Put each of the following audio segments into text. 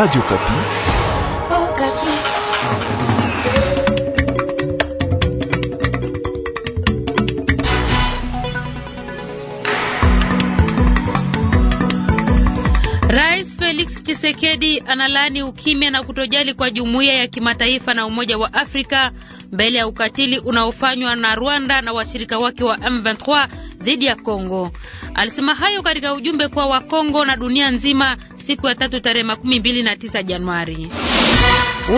Radio Kapi. Oh, Kapi. Rais Felix Tshisekedi analaani ukimya na kutojali kwa jumuiya ya kimataifa na Umoja wa Afrika mbele ya ukatili unaofanywa na Rwanda na washirika wake wa M23 dhidi ya Kongo. Alisema hayo katika ujumbe kwa Wakongo na dunia nzima siku ya tatu tarehe makumi mbili na tisa Januari.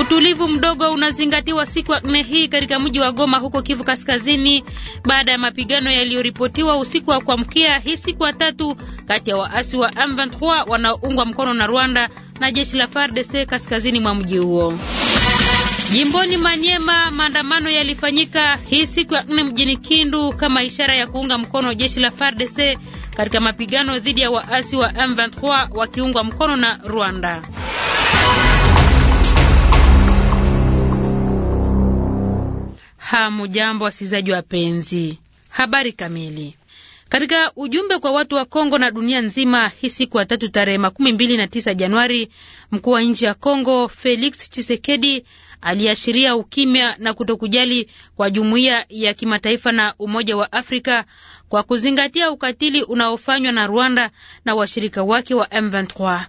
Utulivu mdogo unazingatiwa siku ya nne hii katika mji wa Goma huko Kivu Kaskazini baada ya mapigano yaliyoripotiwa usiku wa kuamkia hii siku ya tatu kati ya waasi wa M23 wanaoungwa mkono na Rwanda na jeshi la FARDC kaskazini mwa mji huo. Jimboni manyema maandamano yalifanyika hii siku ya nne mjini Kindu kama ishara ya kuunga mkono jeshi la FARDC katika mapigano dhidi ya waasi wa M23 wakiungwa mkono na Rwanda. Hamujambo wasikilizaji wapenzi, habari kamili katika ujumbe kwa watu wa Kongo na dunia nzima hii siku ya tatu tarehe makumi mbili na tisa Januari, mkuu wa nchi ya Kongo Felix Chisekedi aliashiria ukimya na kutokujali kwa jumuiya ya kimataifa na Umoja wa Afrika kwa kuzingatia ukatili unaofanywa na Rwanda na washirika wake wa M23.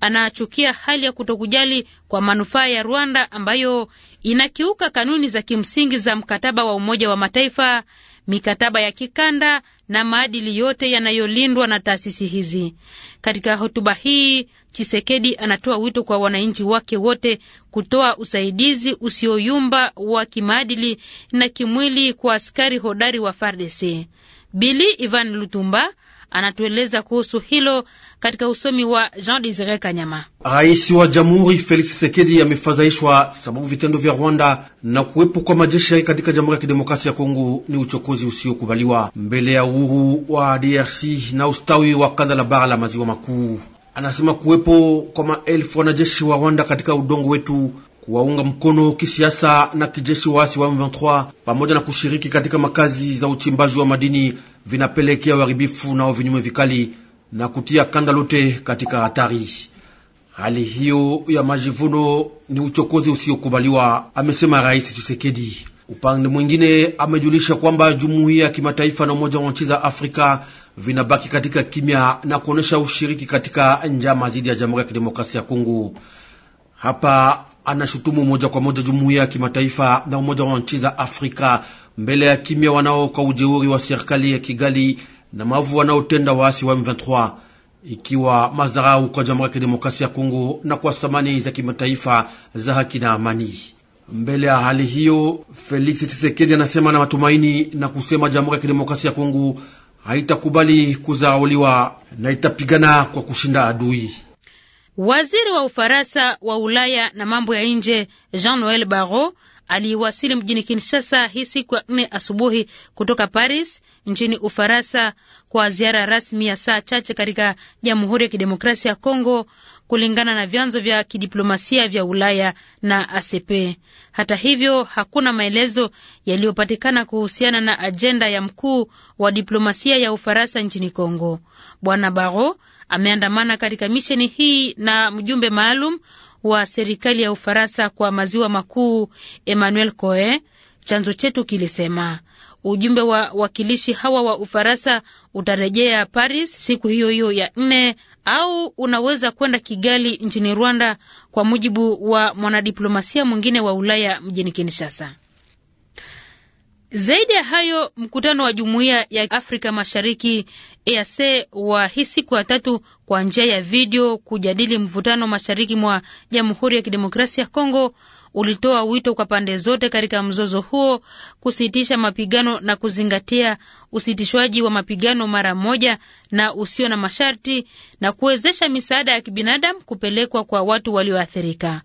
Anachukia hali ya kutokujali kwa manufaa ya Rwanda ambayo inakiuka kanuni za kimsingi za mkataba wa Umoja wa Mataifa mikataba ya kikanda na maadili yote yanayolindwa na taasisi hizi. Katika hotuba hii, Chisekedi anatoa wito kwa wananchi wake wote kutoa usaidizi usioyumba wa kimaadili na kimwili kwa askari hodari wa FARDC. Bili Ivan Lutumba anatueleza kuhusu hilo katika usomi wa Jean Desire Kanyama. Rais wa jamhuri Felix Tshisekedi amefadhaishwa sababu vitendo vya Rwanda na kuwepo kwa majeshi yake katika Jamhuri ya Kidemokrasia ya Kongo ni uchokozi usiokubaliwa mbele ya uhuru wa DRC na ustawi wa kanda la bara la maziwa makuu. Anasema kuwepo kwa maelfu wanajeshi wa Rwanda katika udongo wetu kuwaunga mkono kisiasa na kijeshi waasi wa M23 pamoja na kushiriki katika makazi za uchimbaji wa madini vinapelekea uharibifu nao vinyume vikali na kutia kanda lote katika hatari. Hali hiyo ya majivuno ni uchokozi usiokubaliwa, amesema Rais Tshisekedi. Upande mwingine, amejulisha kwamba jumuiya ya kimataifa na Umoja wa Nchi za Afrika vinabaki katika kimya na kuonyesha ushiriki katika njama dhidi ya Jamhuri ya Kidemokrasia ya Kongo. Hapa anashutumu moja kwa moja jumuiya ya kimataifa na Umoja wa nchi za Afrika mbele ya kimya wanaoka ujeuri wa serikali ya Kigali na mavu wanaotenda waasi wa M23, ikiwa madharau kwa Jamhuri ya Kidemokrasia ya Kongo na kwa thamani za kimataifa za haki na amani. Mbele ya hali hiyo, Felix Tshisekedi anasema na matumaini na kusema Jamhuri ya Kidemokrasia ya Kongo haitakubali kuzaauliwa na itapigana kwa kushinda adui. Waziri wa Ufaransa wa Ulaya na mambo ya nje Jean Noel Barrot aliwasili mjini Kinshasa hii siku ya nne asubuhi kutoka Paris nchini Ufaransa kwa ziara rasmi ya saa chache katika Jamhuri ya Kidemokrasia ya Kongo, kulingana na vyanzo vya kidiplomasia vya Ulaya na ACP. Hata hivyo, hakuna maelezo yaliyopatikana kuhusiana na ajenda ya mkuu wa diplomasia ya Ufaransa nchini Kongo. Bwana Barrot ameandamana katika misheni hii na mjumbe maalum wa serikali ya Ufaransa kwa maziwa makuu Emmanuel Coe, chanzo chetu kilisema. Ujumbe wa wakilishi hawa wa Ufaransa utarejea Paris siku hiyo hiyo ya nne au unaweza kwenda Kigali nchini Rwanda, kwa mujibu wa mwanadiplomasia mwingine wa Ulaya mjini Kinshasa. Zaidi ya hayo, mkutano wa Jumuiya ya Afrika Mashariki EAC wa hii siku ya tatu kwa njia ya video kujadili mvutano mashariki mwa Jamhuri ya Kidemokrasia ya Kongo ulitoa wito kwa pande zote katika mzozo huo kusitisha mapigano na kuzingatia usitishwaji wa mapigano mara moja na usio na masharti na kuwezesha misaada ya kibinadamu kupelekwa kwa watu walioathirika.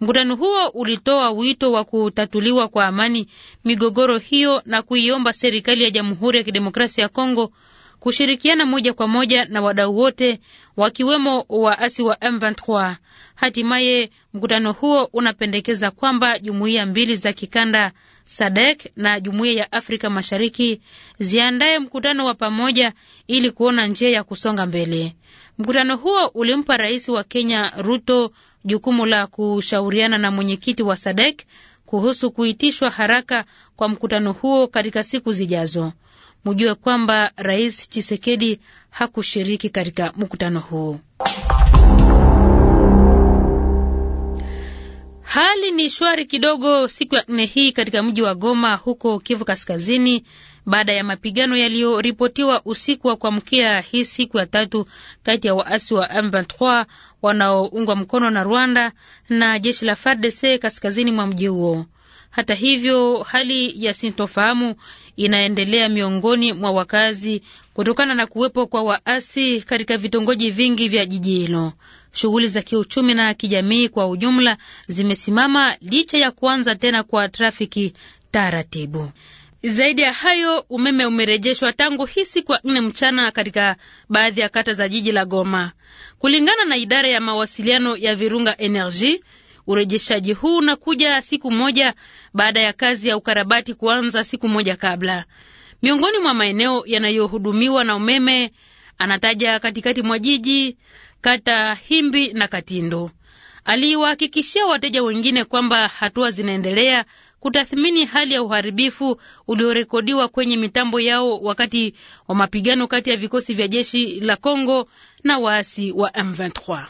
Mkutano huo ulitoa wito wa kutatuliwa kwa amani migogoro hiyo na kuiomba serikali ya Jamhuri ya Kidemokrasia ya Kongo kushirikiana moja kwa moja na wadau wote wakiwemo waasi wa M23. Hatimaye mkutano huo unapendekeza kwamba jumuiya mbili za kikanda SADEK na Jumuiya ya Afrika Mashariki ziandaye mkutano wa pamoja ili kuona njia ya kusonga mbele. Mkutano huo ulimpa rais wa Kenya Ruto jukumu la kushauriana na mwenyekiti wa sadek kuhusu kuitishwa haraka kwa mkutano huo katika siku zijazo. Mujue kwamba Rais Chisekedi hakushiriki katika mkutano huo. Hali ni shwari kidogo siku ya nne hii katika mji wa Goma huko Kivu Kaskazini baada ya mapigano yaliyoripotiwa usiku wa kuamkia hii siku ya tatu kati ya waasi wa M23 wanaoungwa mkono na Rwanda na jeshi la FARDC kaskazini mwa mji huo. Hata hivyo, hali ya sintofahamu inaendelea miongoni mwa wakazi kutokana na kuwepo kwa waasi katika vitongoji vingi vya jiji hilo. Shughuli za kiuchumi na kijamii kwa ujumla zimesimama licha ya kuanza tena kwa trafiki taratibu. Zaidi ya hayo, umeme umerejeshwa tangu hii siku ya nne mchana katika baadhi ya kata za jiji la Goma, kulingana na idara ya mawasiliano ya Virunga Energy. Urejeshaji huu unakuja siku moja baada ya kazi ya ukarabati kuanza siku moja kabla. Miongoni mwa maeneo yanayohudumiwa na umeme anataja katikati mwa jiji kata Himbi na Katindo. Aliwahakikishia wateja wengine kwamba hatua zinaendelea kutathmini hali ya uharibifu uliorekodiwa kwenye mitambo yao wakati wa mapigano kati ya vikosi vya jeshi la Kongo na waasi wa M23.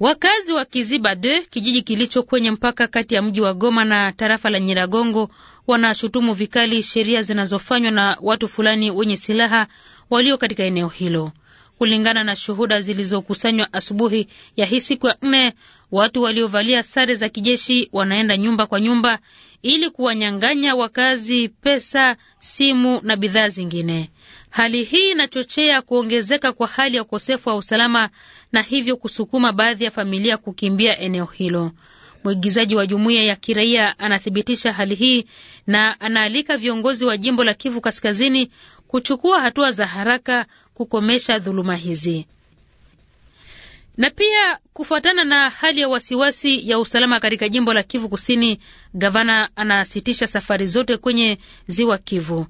Wakazi wa Kiziba de kijiji kilicho kwenye mpaka kati ya mji wa Goma na tarafa la Nyiragongo wanashutumu vikali sheria zinazofanywa na watu fulani wenye silaha walio katika eneo hilo kulingana na shuhuda zilizokusanywa asubuhi ya hii siku ya nne. Watu waliovalia sare za kijeshi wanaenda nyumba kwa nyumba ili kuwanyang'anya wakazi pesa, simu na bidhaa zingine. Hali hii inachochea kuongezeka kwa hali ya ukosefu wa usalama na hivyo kusukuma baadhi ya familia kukimbia eneo hilo. Mwigizaji wa jumuiya ya kiraia anathibitisha hali hii na anaalika viongozi wa jimbo la Kivu Kaskazini kuchukua hatua za haraka kukomesha dhuluma hizi. Na pia kufuatana na hali ya wasiwasi ya usalama katika jimbo la Kivu Kusini, gavana anasitisha safari zote kwenye ziwa Kivu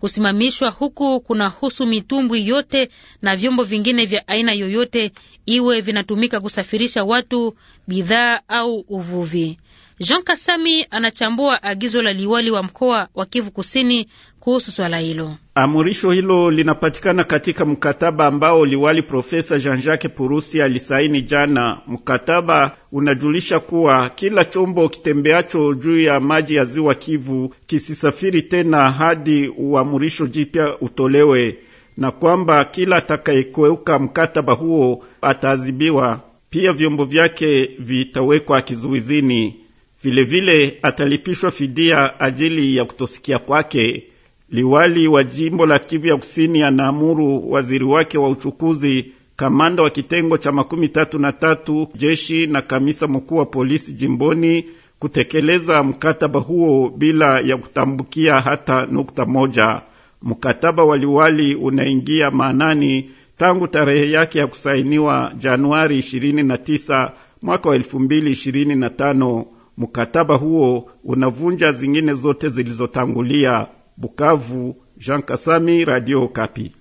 kusimamishwa huku kunahusu mitumbwi yote na vyombo vingine vya aina yoyote, iwe vinatumika kusafirisha watu, bidhaa au uvuvi. Jean Kasami anachambua agizo la liwali wa mkoa wa Kivu Kusini kuhusu swala hilo. Amurisho hilo linapatikana katika mkataba ambao liwali Profesa Jean-Jacques Purusi alisaini jana. Mkataba unajulisha kuwa kila chombo kitembeacho juu ya maji ya ziwa Kivu kisisafiri tena hadi uamurisho jipya utolewe, na kwamba kila atakayekweuka mkataba huo ataadhibiwa, pia vyombo vyake vitawekwa kizuizini. Vile vile atalipishwa fidia ajili ya kutosikia kwake. Liwali wa jimbo la Kivu ya Kusini anaamuru waziri wake wa uchukuzi, kamanda wa kitengo cha makumi tatu na tatu jeshi na kamisa mkuu wa polisi jimboni kutekeleza mkataba huo bila ya kutambukia hata nukta moja. Mkataba wa liwali unaingia maanani tangu tarehe yake ya kusainiwa Januari 29 mwaka wa 2025. Mkataba huo unavunja zingine zote zilizotangulia. Bukavu, Jean Kasami, Radio Kapi.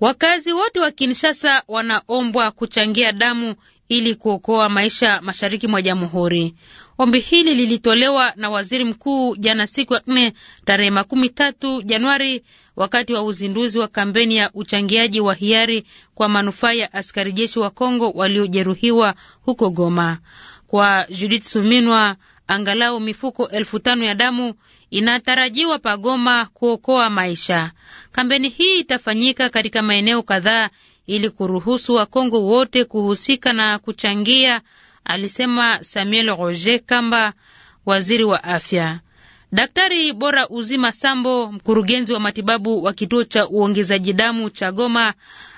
Wakazi wote wa Kinshasa wanaombwa kuchangia damu ili kuokoa maisha mashariki mwa jamhuri. Ombi hili lilitolewa na waziri mkuu jana siku ya nne tarehe makumi tatu Januari wakati wa uzinduzi wa kampeni ya uchangiaji wa hiari kwa manufaa ya askari jeshi wa Kongo waliojeruhiwa huko Goma. Kwa Judith Suminwa, angalau mifuko elfu tano ya damu inatarajiwa pagoma kuokoa maisha. Kampeni hii itafanyika katika maeneo kadhaa ili kuruhusu Wakongo wote kuhusika na kuchangia, alisema Samuel Roger Kamba, waziri wa afya. Daktari Bora Uzima Sambo, mkurugenzi wa matibabu wa kituo cha uongezaji damu cha Goma,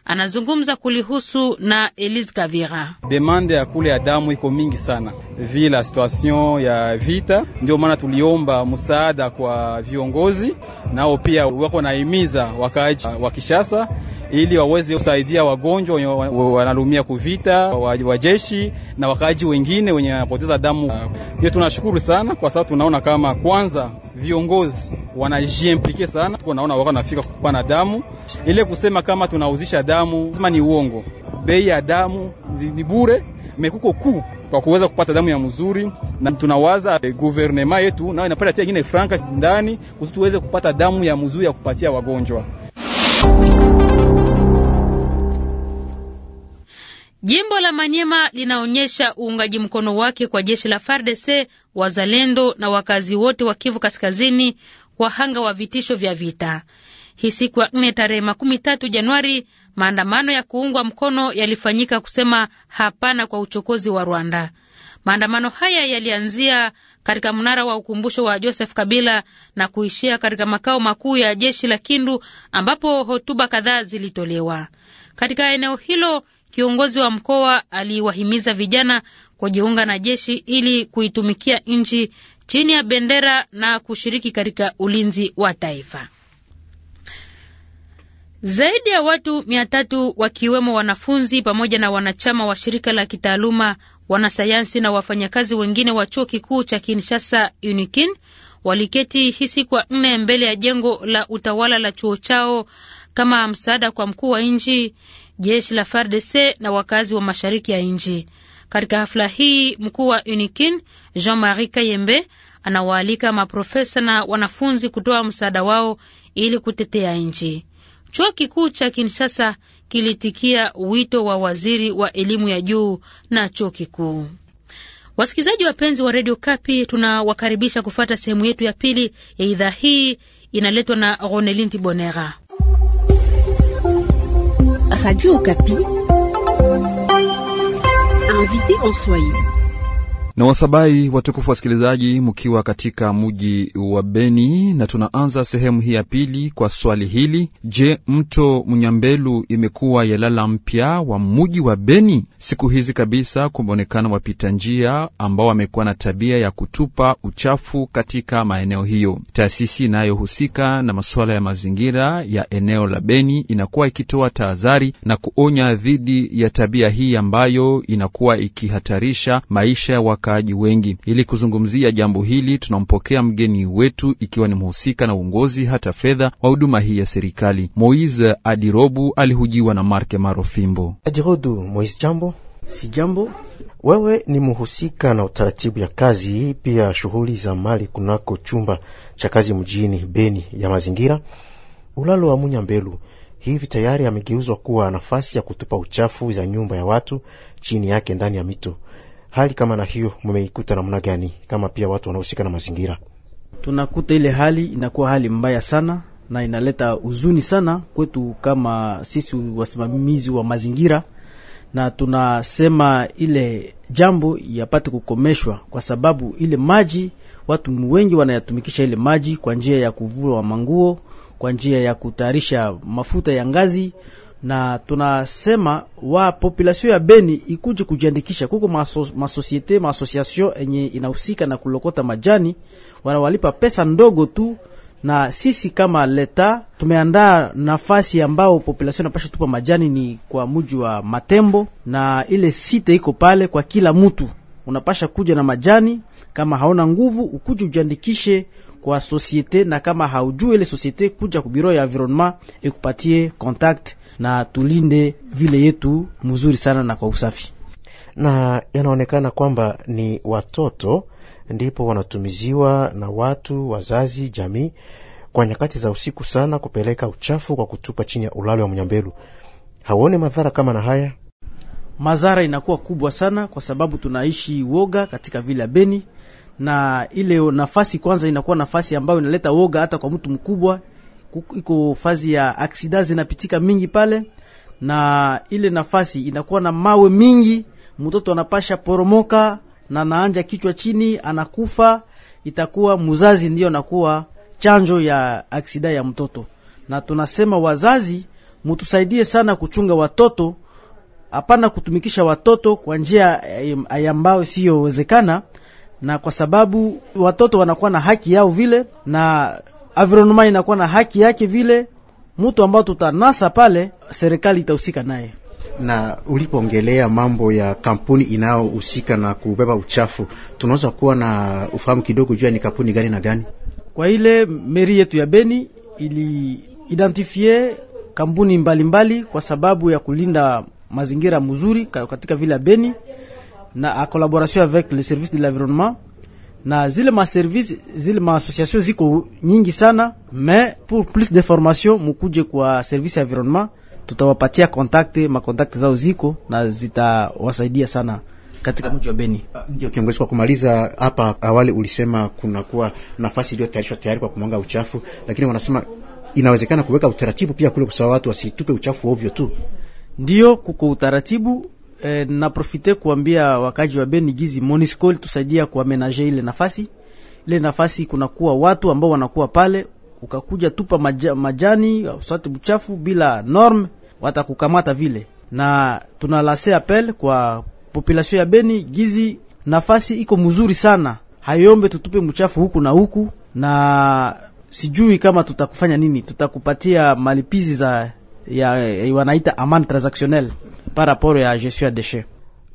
anazungumza kulihusu na Elise Kavira. Demande ya kule ya damu iko mingi sana vila situation ya vita, ndio maana tuliomba msaada kwa viongozi, nao pia wako naimiza wakaaji wa Kishasa ili waweze kusaidia wagonjwa wenye wanalumia kuvita, wajeshi na wakaaji wengine wenye wanapoteza damu. Hiyo tunashukuru sana kwa sababu tunaona kama kwanza viongozi wanajiimplike sana, tuko naona wako nafika kupana damu ile, kusema kama tunauzisha damu sema ni uongo. Bei ya damu ni bure, mekuko kuu kwa kuweza kupata damu ya mzuri, na tunawaza eh, guvernema yetu nao inapata tia ingine franka ndani, kusi tuweze kupata damu ya mzuri ya kupatia wagonjwa. Jimbo la Manyema linaonyesha uungaji mkono wake kwa jeshi la FARDC, wazalendo na wakazi wote wa Kivu Kaskazini, wahanga wa vitisho vya vita. Hii siku ya nne tarehe makumi tatu Januari, maandamano ya kuungwa mkono yalifanyika kusema hapana kwa uchokozi wa Rwanda. Maandamano haya yalianzia katika mnara wa ukumbusho wa Joseph Kabila na kuishia katika makao makuu ya jeshi la Kindu ambapo hotuba kadhaa zilitolewa. Katika eneo hilo Kiongozi wa mkoa aliwahimiza vijana kujiunga na jeshi ili kuitumikia nchi chini ya bendera na kushiriki katika ulinzi wa taifa. Zaidi ya watu mia tatu wakiwemo wanafunzi pamoja na wanachama wa shirika la kitaaluma, wanasayansi na wafanyakazi wengine wa chuo kikuu cha Kinshasa UNIKIN waliketi hisi kwa nne mbele ya jengo la utawala la chuo chao kama msaada kwa mkuu wa nchi jeshi la FARDC na wakazi wa mashariki ya nchi. Katika hafla hii mkuu wa UNIKIN Jean-Marie Kayembe anawaalika maprofesa na wanafunzi kutoa msaada wao ili kutetea nchi. Chuo kikuu cha Kinshasa kilitikia wito wa waziri wa elimu ya juu na chuo kikuu. Wasikilizaji wapenzi wa redio Kapi, tunawakaribisha kufuata sehemu yetu ya pili ya idhaa hii, inaletwa na Ronelin Tibonera. Radio Capi invité en soirée. na wasabai watukufu wasikilizaji, mkiwa katika mji wa Beni, na tunaanza sehemu hii ya pili kwa swali hili: Je, mto Mnyambelu imekuwa yalala mpya wa mji wa Beni? Siku hizi kabisa kumeonekana wapita njia ambao wamekuwa na tabia ya kutupa uchafu katika maeneo hiyo. Taasisi inayohusika na masuala ya mazingira ya eneo la Beni inakuwa ikitoa tahadhari na kuonya dhidi ya tabia hii ambayo inakuwa ikihatarisha maisha ya wakaaji wengi. Ili kuzungumzia jambo hili, tunampokea mgeni wetu ikiwa ni mhusika na uongozi hata fedha wa huduma hii ya serikali. Moise Adirobu alihujiwa na Marke Marofimbo. Adirodu Moise, jambo. Si jambo. Wewe ni mhusika na utaratibu ya kazi hii pia shughuli za mali kunako chumba cha kazi mjini Beni ya mazingira ulalo wa munya mbelu hivi tayari amegeuzwa kuwa nafasi ya kutupa uchafu za nyumba ya watu chini yake ndani ya mito hali kama na hiyo mumeikuta namna gani, kama pia watu wanahusika na mazingira? Tunakuta ile hali inakuwa hali mbaya sana na inaleta huzuni sana kwetu kama sisi wasimamizi wa mazingira, na tunasema ile jambo yapate kukomeshwa, kwa sababu ile maji watu wengi wanayatumikisha ile maji kwa njia ya kuvua manguo, kwa njia ya kutayarisha mafuta ya ngazi na tunasema wa population ya Beni ikuje kujiandikisha. Kuko maso, ma maasociation enye inahusika na kulokota majani, wanawalipa pesa ndogo tu, na sisi kama leta tumeandaa nafasi ambao population inapasha tupa majani ni kwa muji wa Matembo, na ile site iko pale kwa kila mtu unapasha kuja na majani. Kama haona nguvu, ukuje ujiandikishe kwa societe, na kama haujui ile societe, kuja kubiro ya environnement ikupatie contact, na tulinde vile yetu mzuri sana na kwa usafi. Na yanaonekana kwamba ni watoto ndipo wanatumiziwa na watu wazazi, jamii kwa nyakati za usiku sana kupeleka uchafu kwa kutupa chini ya ulalo wa mnyambelu. Hauone madhara kama na haya? Madhara inakuwa kubwa sana, kwa sababu tunaishi woga katika vile ya Beni na ile nafasi kwanza inakuwa nafasi ambayo inaleta woga hata kwa mtu mkubwa. Iko fazi ya aksida zinapitika mingi pale, na ile nafasi inakuwa na mawe mingi, mtoto anapasha poromoka na naanja kichwa chini, anakufa. Itakuwa mzazi ndiyo anakuwa chanjo ya aksida ya mtoto, na tunasema wazazi mutusaidie sana kuchunga watoto, hapana kutumikisha watoto kwa njia eh, ambayo siyowezekana na kwa sababu watoto wanakuwa na haki yao vile na environment inakuwa na haki yake vile, mtu ambao tutanasa pale, serikali itahusika naye. Na ulipoongelea mambo ya kampuni inayohusika na kubeba uchafu, tunaweza kuwa na ufahamu kidogo juu ya ni kampuni gani na gani? Kwa ile meri yetu ya Beni iliidentifie kampuni mbalimbali mbali kwa sababu ya kulinda mazingira mzuri katika vile ya Beni na a collaboration avec le service de l'environnement na zile ma service zile ma association ziko nyingi sana mais pour plus de formation mukuje kwa service ya environnement, tutawapatia contact ma contact zao ziko na zitawasaidia sana katika mji wa Beni. Ah, ndio kiongozi, kwa kumaliza hapa, awali ulisema kunakuwa nafasi iliyotayarishwa tayari kwa kumwanga uchafu, lakini wanasema inawezekana kuweka utaratibu pia kule, kwa sababu watu wasitupe uchafu ovyo tu. Ndio kuko utaratibu Eh, naprofite kuambia wakaji wa Beni gizi Monisco tusaidia kuamenaje ile nafasi. Ile nafasi kunakuwa watu ambao wanakuwa pale, ukakuja tupa maja, majani usati buchafu bila norm watakukamata vile, na tunalase appel kwa population ya Beni gizi, nafasi iko mzuri sana, hayombe tutupe mchafu huku na huku, na sijui kama tutakufanya nini, tutakupatia malipizi za ya, ya wanaita aman transactionnel par rapport ya gestion ya deshe.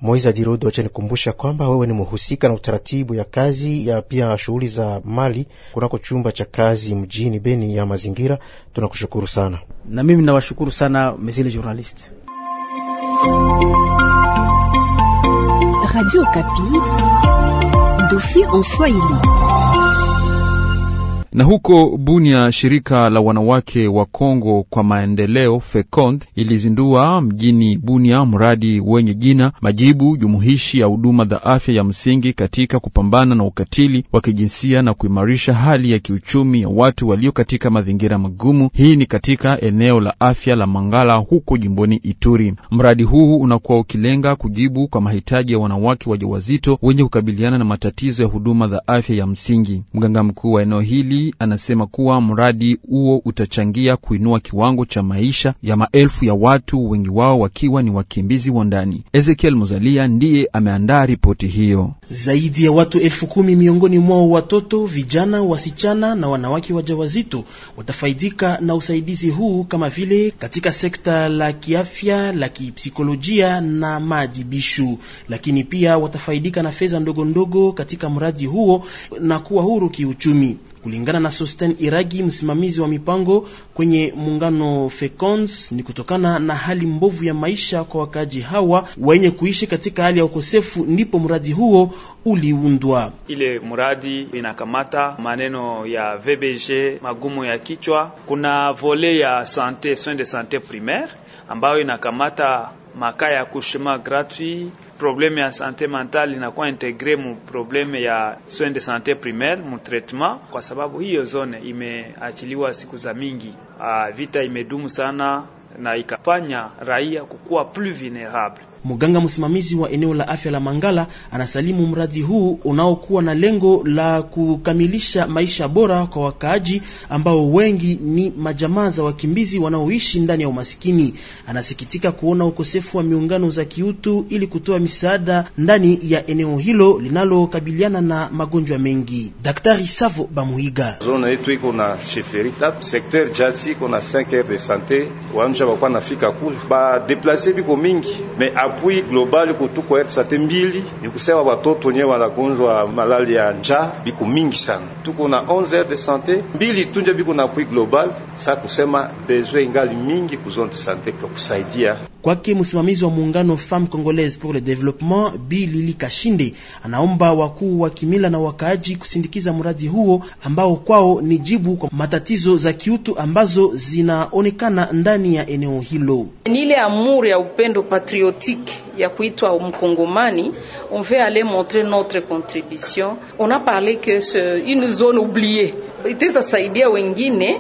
Moiz Adirodo achanikumbusha kwamba wewe ni muhusika na utaratibu ya kazi ya pia shughuli za mali kunako chumba cha kazi mjini Beni ya mazingira. Tunakushukuru sana. Na mimi nawashukuru sana mesile journaliste Radio Kapi dossier en Swahili. Na huko Bunia, shirika la wanawake wa Kongo kwa maendeleo FECOND ilizindua mjini Bunia mradi wenye jina majibu jumuishi ya huduma za afya ya msingi katika kupambana na ukatili wa kijinsia na kuimarisha hali ya kiuchumi ya watu walio katika mazingira magumu. Hii ni katika eneo la afya la Mangala huko jimboni Ituri. Mradi huu unakuwa ukilenga kujibu kwa mahitaji ya wanawake wajawazito wenye kukabiliana na matatizo ya huduma za afya ya msingi. Mganga mkuu wa eneo hili anasema kuwa mradi huo utachangia kuinua kiwango cha maisha ya maelfu ya watu, wengi wao wakiwa ni wakimbizi wa ndani. Ezekiel Muzalia ndiye ameandaa ripoti hiyo. Zaidi ya watu elfu kumi miongoni mwao watoto, vijana, wasichana na wanawake wajawazito watafaidika na usaidizi huu kama vile katika sekta la kiafya, la kipsikolojia na maajibishu, lakini pia watafaidika na fedha ndogo ndogo katika mradi huo na kuwa huru kiuchumi. Kulingana na Sosten Iragi, msimamizi wa mipango kwenye muungano FECONS, ni kutokana na hali mbovu ya maisha kwa wakaaji hawa wenye kuishi katika hali ya ukosefu, ndipo mradi huo uliundwa. Ile mradi inakamata maneno ya VBG, magumu ya kichwa. Kuna vole ya sante soin de sante primaire ambayo inakamata makaa ya kushema gratuit. Probleme ya sante mentale inakuwa integre mu probleme ya soins de sante primaire mu traitement, kwa sababu hiyo zone imeachiliwa siku za mingi. Aa, ah, vita imedumu sana na ikafanya raia kukuwa plus vulnerable Mganga msimamizi wa eneo la afya la Mangala anasalimu mradi huu unaokuwa na lengo la kukamilisha maisha bora kwa wakaaji ambao wengi ni majamaa za wakimbizi wanaoishi ndani ya umasikini. Anasikitika kuona ukosefu wa miungano za kiutu ili kutoa misaada ndani ya eneo hilo linalokabiliana na magonjwa mengi. Daktari Savo Bamuhiga: zona yetu iko na sheferi tatu sekter jati iko na 5 heures de sante wanja bakwa nafika kule ba biko mingi me apui global kutuko sate mbili, ni kusema watoto nye wanagonjwa malali ya njaa biko mingi sana. Tuko na 11 heures de santé mbili tunje biko na apui global, sa kusema besoin ingali mingi kuzonte sante kwa kusaidia Kwake msimamizi wa muungano Femme Congolaise pour le Développement Bi Lili Kashinde, anaomba wakuu wa kimila na wakaaji kusindikiza mradi huo ambao kwao ni jibu kwa matatizo za kiutu ambazo zinaonekana ndani ya eneo hilo. Ni ile amuri ya upendo patriotike ya kuitwa mkongomani on veut aller montrer notre contribution on a parlé que c'est une zone oubliée itaweza saidia wengine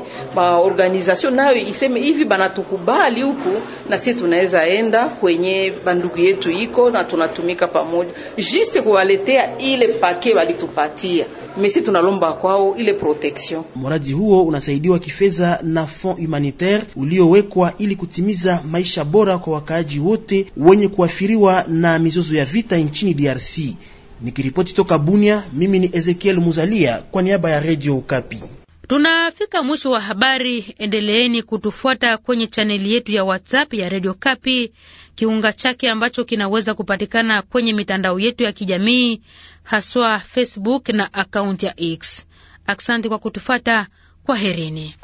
organization nayo iseme hivi banatukubali huku, na sisi tunaweza enda kwenye bandugu yetu iko na tunatumika pamoja, juste kuwaletea ile pake walitupatia mesi, tunalomba kwao ile protection. Mradi huo unasaidiwa kifedha na fond humanitaire uliowekwa ili kutimiza maisha bora kwa wakaaji wote wenye kuathiriwa na mizozo ya vita nchini DRC. Nikiripoti toka Bunia, mimi ni Ezekiel Muzalia kwa niaba ya Redio Ukapi. Tunafika mwisho wa habari. Endeleeni kutufuata kwenye chaneli yetu ya WhatsApp ya redio Kapi, kiunga chake ambacho kinaweza kupatikana kwenye mitandao yetu ya kijamii haswa Facebook na akaunti ya X. Asante kwa kutufuata, kwa herini.